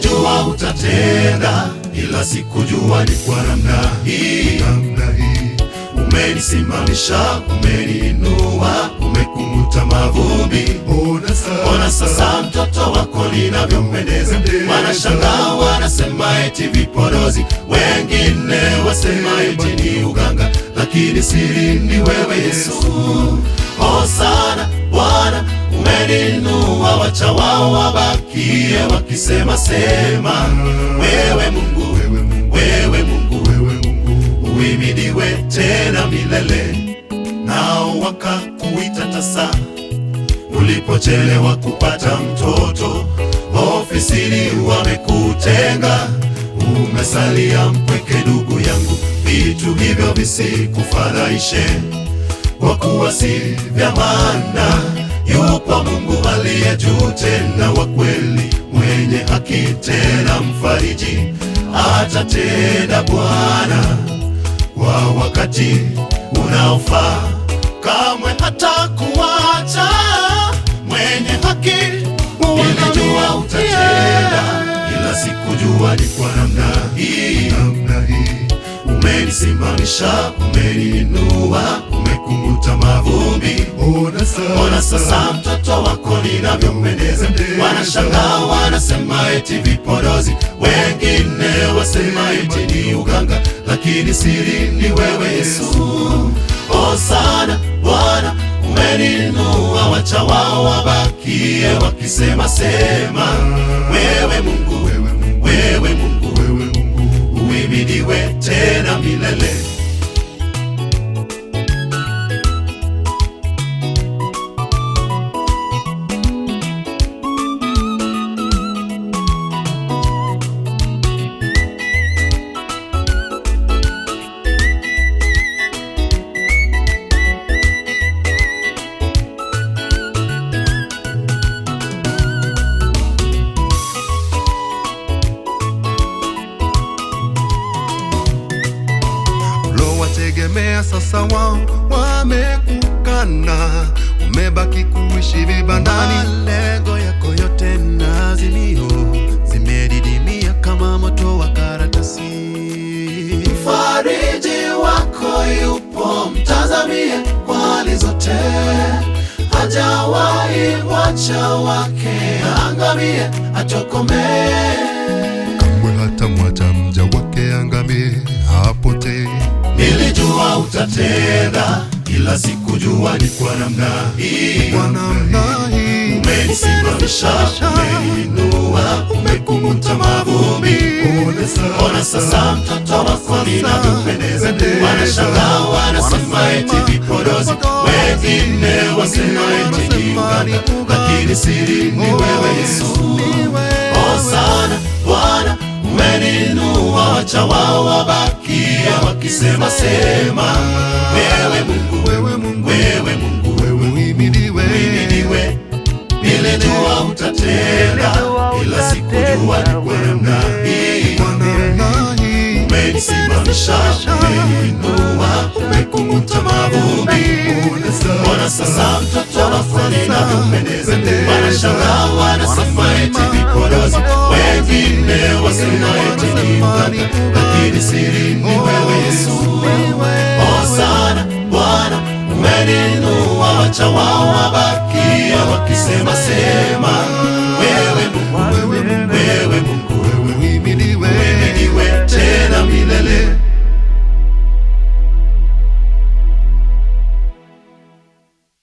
nilijua utatenda, ila sikujua ni kwa namna hii. Umenisimamisha, umeniinua, umekung'uta mavumbi. Ona sasa mtoto wako ninavyompendeza. Wanashangaa, wanasema eti vipodozi, wengine wasema eti ni uganga, lakini siri ni wewe Yesu. Hosana Bwana Umeninua wacha wao wabakie wakisema sema, wewe Mungu, wewe Mungu, wewe Mungu, uhimidiwe tena milele. Nao wakakuita tasa ulipochelewa kupata mtoto, ofisini wamekutenga, umesalia mpweke. Ndugu yangu, vitu hivyo visikufadhaishe, kwa kuwa si vya maana Yupo Mungu aliye juu tena wa kweli, mwenye haki tena mfariji. Atatenda Bwana kwa wakati unaofaa, kamwe hatakuacha mwenye haki. Nilijua utatenda, ila sikujua ni kwa namna hii. Umenisimamisha, umeninua kukuta mavumbi. Ona sasa, ona sasa mtoto wako ninavyompendeza. Wanashangaa wanasema eti vipodozi, wengine wasema eti ni uganga, lakini siri ni wewe Yesu. O sana Bwana umeninua, wacha wao wabakie wakisema sema. Wewe Mungu, wewe Mungu, wewe Mungu, tena milele. wamekulemea sasa, wao wamekukana, umebaki kuishi vibandani. Malengo yako yote na azimio zimedidimia kama moto wa karatasi. Mfariji wako yupo, mtazamie kwa hali zote, hajawahi wacha wake angamie, atokomee kamwe, hata mwacha mja wake tena kila siku jua ni kwa namna hii. kwa namna hii Umenisimamisha, umeinua, umekung'uta mavumbi. Ona sasa mtoto wako ninavyopendeza. Wanashangaa, wanasema eti vipodozi, wengine wasema eti ni uganga, lakini siri ni wewe Yesu. Hosana oh, Bwana, umeninua, wacha wao wabaki wakisema sema, wewe Mungu, wewe Mungu, wewe Mungu, wewe uhimidiwe, uhimidiwe. Nilijua utatenda, ila sikujua ni kwa namna hii. Umenisimamisha, umeniinua, umekung'uta mavumbi. Mbona sasa mtoto anafanya inavyopendeza? Wanashangaa, wanasema eti vipodozi, wengine wasema eti ni imani, lakini siri ni wewe oh, Yesu wewe, Hosana Bwana, umeninua wacha wao wabakia wakisema sema, wewe wewe